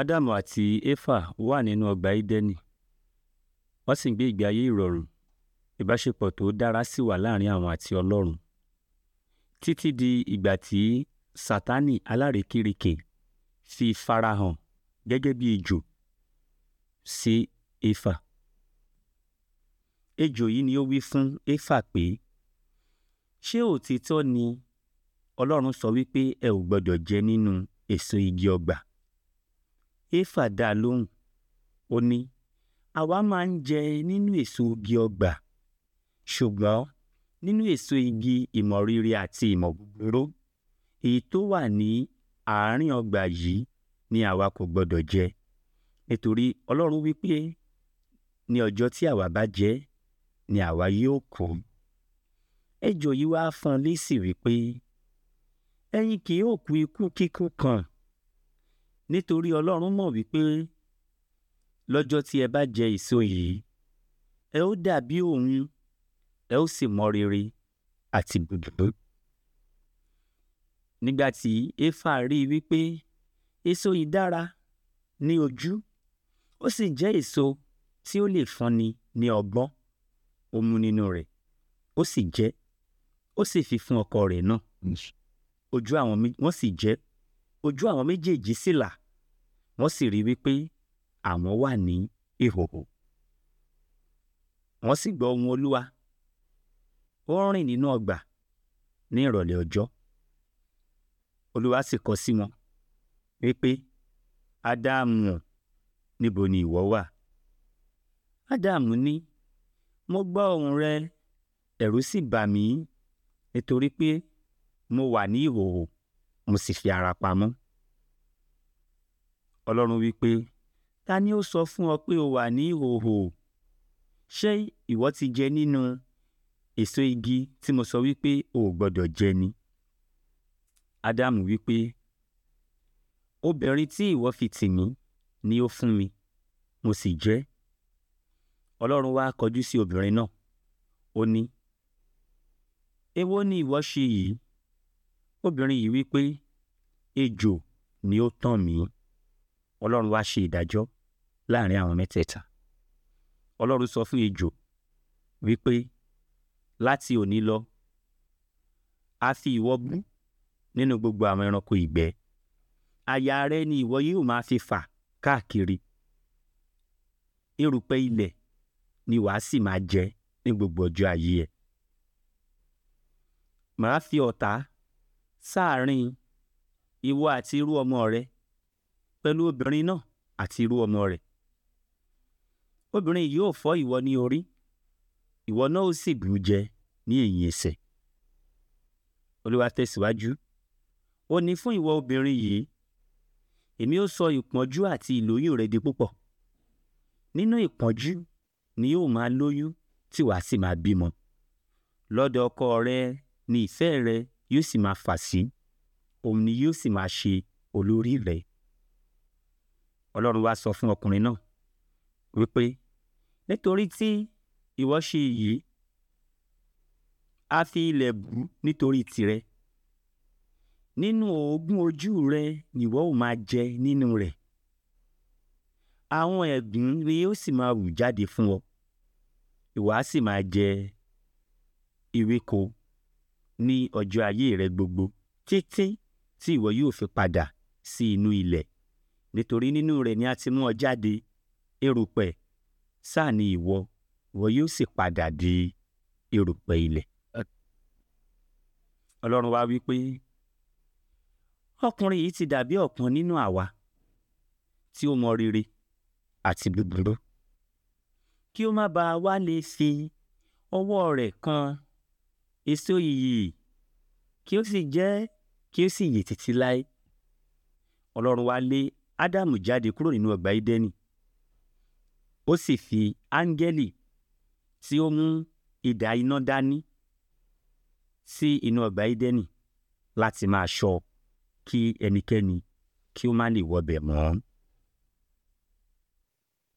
ádámù àti éfà wà nínú ọgbà édẹ́nì wọ́n sì ń gbé ìgbé ayé ìrọ̀rùn ìbáṣepọ̀ tó dára sì wà láàrin àwọn àti ọlọ́run títí di ìgbà tí sátánì alárekérekè fi farahàn gẹ́gẹ́ bí ejò sí éfà ejò yìí ni ó wí fún éfà pé ṣé òtítọ́ ni ọlọ́run sọ wípé ẹ ò gbọ́dọ̀ jẹ nínú èso igi ọgbà éfà dá a lóhùn ó ní àwa máa ń jẹ nínú èso igi ọgbà ṣùgbọ́n nínú èso igi ìmọ̀ àti ìmọ̀ èyí tó wà ní àárín ọgbà yìí ni àwa kò gbọdọ̀ jẹ nítorí ọlọ́run wí ní ọjọ́ tí àwa bá jẹ ni àwa yóò kú ejò yìí wá fọ́n lésì wípé ẹ̀yin kì yóò kú ikú kíkú kan nítorí Ọlọ́run mọ̀ wípé lọ́jọ́ tí ẹ bá jẹ èso yìí ẹ ó dàbí òun ẹ ó sì mọ rere àti búburú. nígbà tí Éfà rí i wípé èso yìí dára ní ojú ó sì jẹ́ èso tí ó lè fúnni ní ọgbọ́n ó nínú rẹ̀ ó sì jẹ ó sì fi fún ọkọ rẹ̀ náà ojú àwọn wọ́n sì jẹ ojú àwọn méjèèjì sì là wọ́n sì rí wípé àwọn wà ní ìhòòhò. wọ́n sì gbọ́ ohùn olúwa ó ń rìn nínú ọgbà ní ìrọ̀lẹ́ ọjọ́ olúwa sì kọ sí wọn wípé ádámù níbo ni ìwọ wà ádámù ní mo gbọ́ ohùn rẹ ẹ̀rù sì bà mí nítorí pé mo wà ní ìhòòhò mo sì fi ara pamọ́. Ọlọ́run wí pé, Ta ni ó sọ fún ọ pé o wà ní ìhòhò? Ṣé ìwọ ti jẹ nínú èso igi tí mo sọ wípé o ò jẹ ni? Ádámù wí pé, Obìnrin tí ìwọ fi tì mí ni ó fún mi, mo sì jẹ Ọlọ́run wá kọjú sí obìnrin náà, ó ní, Èwo ni ìwọ ṣe yìí? Obìnrin yìí wí Ejò ni ó tàn mí ọlọ́run wá ṣe ìdájọ́ láàrin àwọn mẹ́tẹ̀ẹ̀ta ọlọ́run sọ fún ejò wípé láti òní lọ a fi ìwọ bú nínú gbogbo àwọn ẹranko ìgbẹ́ àyà rẹ ni ìwọ yóò máa fi fà káàkiri erùpẹ̀ ilẹ̀ ni wàá sì máa jẹ ní gbogbo ọjọ́ ayé ẹ̀ màá fi ọ̀tá sáàárín ìwọ àti irú ọmọ rẹ pẹ̀lú obìnrin náà àti irú ọmọ rẹ̀ obìnrin yóò fọ́ ìwọ ní orí ìwọ náà ó sì gbù jẹ ní ẹ̀yìn ẹsẹ̀ olúwa tẹ̀síwájú ó ní fún ìwọ obìnrin yìí èmi ó sọ ìpọ́njú àti ìlóyún rẹ di púpọ̀ nínú ìpọ́njú ni yóò máa lóyún tí wàá sì máa bímọ lọ́dọ̀ ọkọ rẹ ni ìfẹ́ rẹ yóò sì máa fà sí òun ni yóò sì máa ṣe olórí rẹ ọlọ́run wá sọ fún ọkùnrin náà wípé nítorí tí ìwọ ṣe yìí a fi ilẹ̀ bù nítorí tirẹ̀ nínú òógùn ojú rẹ nìwọ ò máa jẹ nínú rẹ̀ àwọn ẹ̀gbin ni ó sì máa wù jáde fún ọ ìwọ á sì máa jẹ ewéko ní ọjọ́ ayé rẹ gbogbo títí tí ìwọ yóò fi padà sí inú ilẹ̀ nítorí nínú rẹ̀ ni a ti mú ọ jáde erùpẹ̀ sá ni ìwọ ìwọ yóò sì padà di erùpẹ̀ ilẹ̀. ọlọ́run wá wí pé ọkùnrin yìí ti dàbí ọ̀kan nínú àwa tí ó mọ rere àti búburú kí ó má bàa wá lè fi ọwọ́ rẹ̀ kan èso ìyè kí ó sì jẹ kí ó sì yè títí láé ọlọ́run wá lé ádámù jáde kúrò nínú ọgbà édẹ́nì ó sì fi áńgẹ́lì tí ó mú idà iná dání sí inú ọgbà édẹ́nì láti máa ṣọ́ kí ẹnikẹ́ni kí ó má lè wọbẹ̀ mọ́.